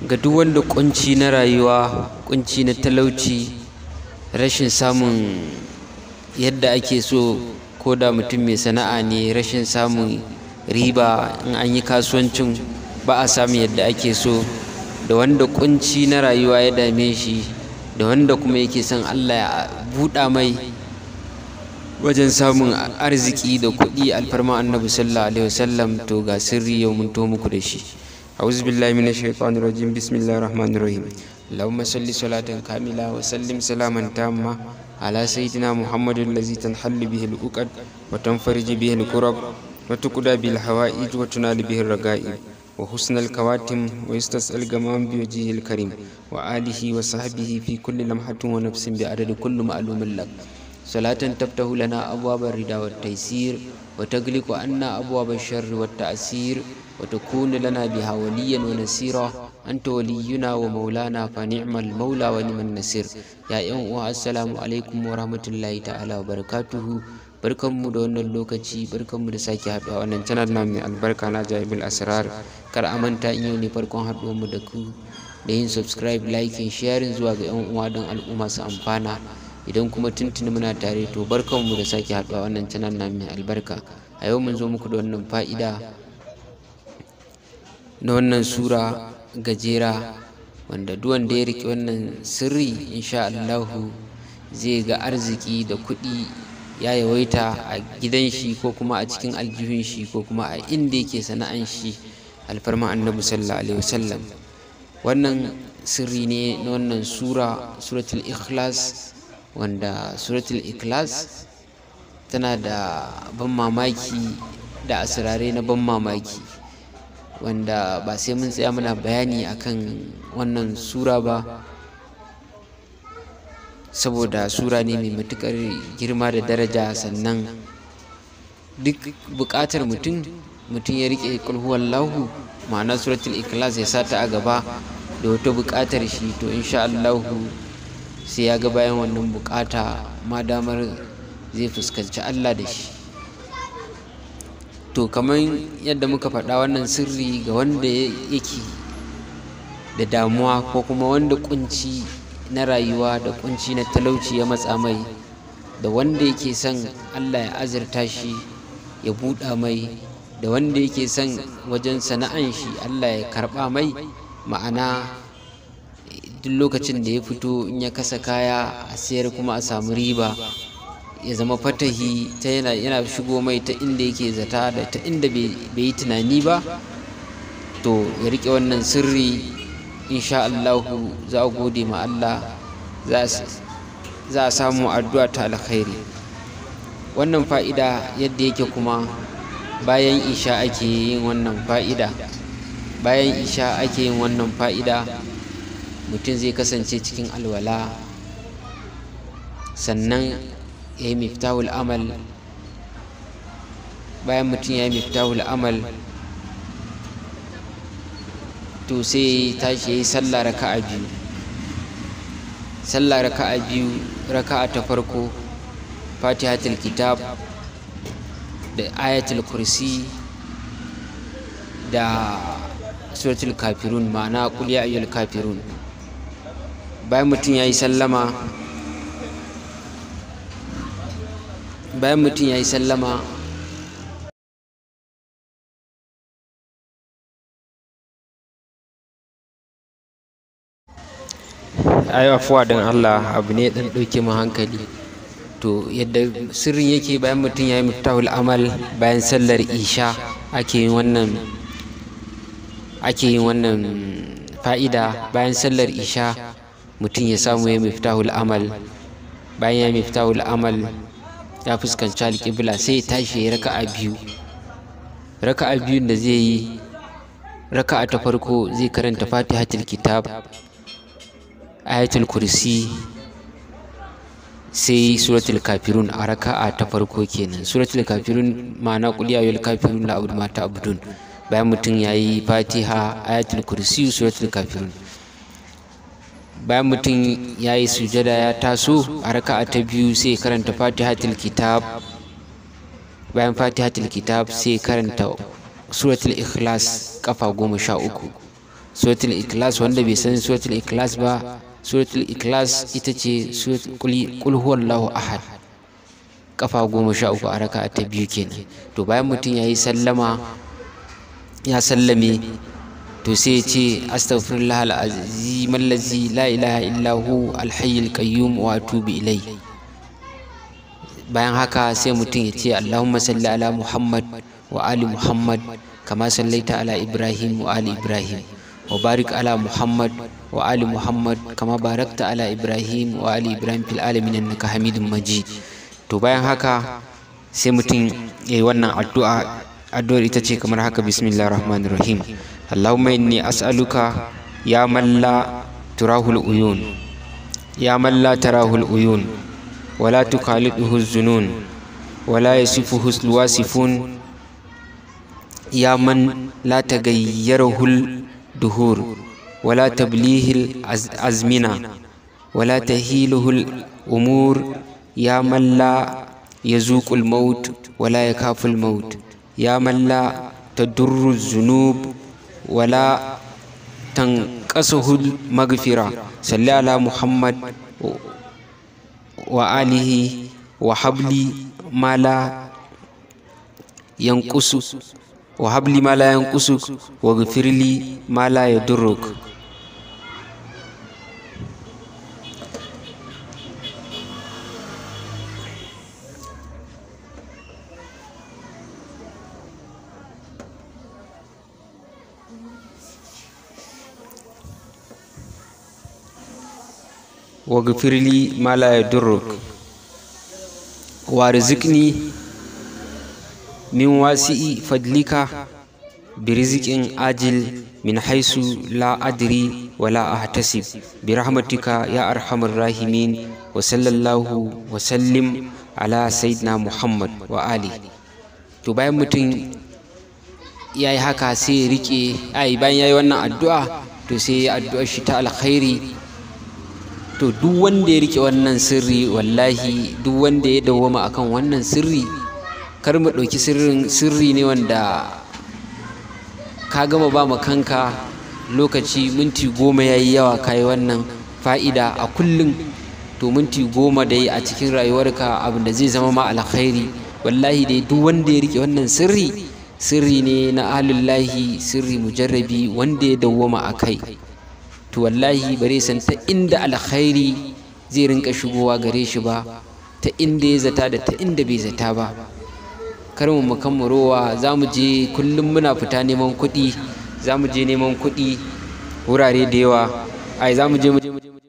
ga duk wanda kunci na rayuwa kunci na talauci rashin samun yadda ake so ko da mutum mai sana'a ne rashin samun riba in an yi kasuwancin ba a samun yadda ake so da wanda kunci na rayuwa ya dame shi da wanda kuma yake son Allah ya buɗa mai wajen samun arziki da kuɗi alfarma annabi sallallahu alaihi wasallam to ga sirri yau mun to muku da shi أعوذ بالله من الشيطان الرجيم بسم الله الرحمن الرحيم اللهم صل صلاة كاملة وسلم سلاما تاما على سيدنا محمد الذي تنحل به الأقد وتنفرج به الكرب وتقضى بالحوائج وتنال به الرقائب وحسن الكواتم ويستسأل جمام بوجهه الكريم وآله وصحبه في كل لمحة ونفس بعدد كل معلوم لك salatan taftahu lana abwabar rida wa taysir wa tagliqu anna abwabal sharri wa ta'sir wa takunu lana biha waliyan wa nasira anta waliyuna wa maulana fa ni'mal maula wa ni'man nasir ya yan uwa assalamu alaikum wa rahmatullahi ta'ala wa barkanmu da wannan lokaci barkanmu da sake haɗuwa wannan channel na mai albarka na jahibul asrar kar a manta in yau ne farkon mu da ku da yin subscribe liking sharing zuwa ga yan uwa don al'umma su amfana idan kuma tuntuni muna tare to barkanmu da sake haɗuwa wannan canal na mai albarka a yau mun zo muku da wannan fa'ida na wannan sura gajera wanda duk wanda ya riƙe wannan sirri insha Allah zai ga arziki da kuɗi ya yawaita a gidan shi ko kuma a cikin aljihun shi ko kuma a inda yake sana'an shi alfarma annabi sallallahu alaihi wasallam wannan sirri ne na wannan sura suratul ikhlas wanda suratul ikhlas tana da ban mamaki da asirare na ban mamaki wanda ba sai mun tsaya muna bayani akan wannan sura ba saboda sura ne mai matukar girma da daraja sannan duk bukatar mutum mutum ya riƙe lahu ma'ana suratul ikhlas ya sata a gaba da wata bukatar shi to insha Allahu sai ya ga bayan wannan bukata ma damar zai fuskanci Allah da shi to kamar yadda muka faɗa wannan sirri ga wanda yake da damuwa ko kuma wanda kunci na rayuwa da kunci na talauci ya matsa mai da wanda yake son Allah ya azurta shi ya buɗa mai da wanda yake son wajen sana'an shi Allah ya karɓa mai ma'ana duk lokacin da ya fito in ya kasa kaya a sayar kuma a samu riba ya zama fatahi ta yana, shigo mai ta inda yake zata da ta inda bai yi tunani ba to ya rike wannan sirri insha Allahu za a gode ma Allah za a samu addu'a ta alkhairi wannan fa'ida yadda yake kuma bayan isha ake yin wannan fa'ida bayan isha ake yin wannan fa'ida mutum zai kasance cikin alwala sannan ya yi miftahul amal bayan mutum ya yi miftahul amal to sai tashi ya yi sallah raka'a biyu sallah a biyu ta farko fatihatul kitab da ayatul kursi da suratul kafirun ma'ana qul ayyul kafirun bayan mutum ya yi sallama bayan mutum ya yi sallama ayi afuwa don Allah abu ne dan ɗauke mu hankali to yadda sirrin yake bayan mutum ya yi mutahul amal bayan sallar isha ake yin wannan ake yin wannan fa'ida bayan sallar isha mutum ya samu ya miftahul amal bayan ya miftahul amal ya fuskanci alƙibla sai ya tashi ya raka a biyu raka a biyun da zai yi raka a ta farko zai karanta fatihatul kitab ayatul kursi sai suratul kafirun a raka a ta farko kenan suratul kafirun ma'ana qul ya kafirun la mata abudun bayan mutum ya yayi fatiha ayatul kursi suratul kafirun bayan mutum ya yi sujada ya taso a raka'a ta biyu sai karanta fatihatul kitab bayan fatihatul kitab sai karanta suratul ikhlas kafa goma sha uku suratul ikhlas wanda bai san suratul ikhlas ba suratul ikhlas ita ce kul huwallahu ahad kafa goma sha uku a raka'a ta biyu kenan to bayan mutum ya yi sallama ya sallame to sai ya ce astaghfirullah al'azim allazi la ilaha illa hu alhayyul qayyum wa atubu ilai bayan haka sai mutum ya ce allahumma salli ala muhammad wa ali muhammad kama sallaita ala ibrahim wa ali ibrahim wa barik ala muhammad wa ali muhammad kama barakta ala ibrahim wa ali ibrahim fil alamin innaka hamidun majid to bayan haka sai mutum ya yi wannan addu'a addu'ar ita ce kamar haka bismillahir rahmanir rahim اللهم إني أسألك يا من لا تراه الأيون يا من لا تراه الأيون ولا تخالطه الزنون ولا يصفه الواسفون يا من لا تغيره الدهور ولا تبليه الأزمنة ولا تهيله الأمور يا من لا يزوق الموت ولا يخاف الموت يا من لا تدر الذنوب ولا تنقصه المغفرة صلى على محمد وآله وحبلي ما لا ينقص وهب لي ما لا ينقصك واغفر لي ما لا يضرك wagfirli malaya duruk wa rizikni min wasi'i fadlika bi rizikin ajil min haisu la adri wa la ahtasib bi rahmatika ya arhamar rahimin wa sallallahu wa sallim ala sayyidina muhammad wa ali to bayan mutum ya yi haka sai riƙe rike ai bayan ya yi wannan addu'a to sai ya addu'ar shi ta alkhairi to duk wanda ya rike wannan sirri wallahi duk wanda ya dawwama akan wannan sirri kar mu ɗauki sirrin sirri ne wanda ka gama ba mu kanka lokaci minti goma ya yi yawa ka yi wannan fa'ida a kullum to minti goma dai a cikin rayuwarka abin da zai zama ma alkhairi wallahi dai duk wanda ya rike wannan sirri sirri ne na alullahi sirri mujarrabi wanda ya dawoma a kai to wallahi bare san ta inda alkhairi zai rinka shigowa gare shi ba ta inda ya zata da ta inda bai zata ba kar mu mukammarowa za mu je kullum muna fita neman kuɗi za mu je neman kuɗi wurare da yawa ai za mu je mu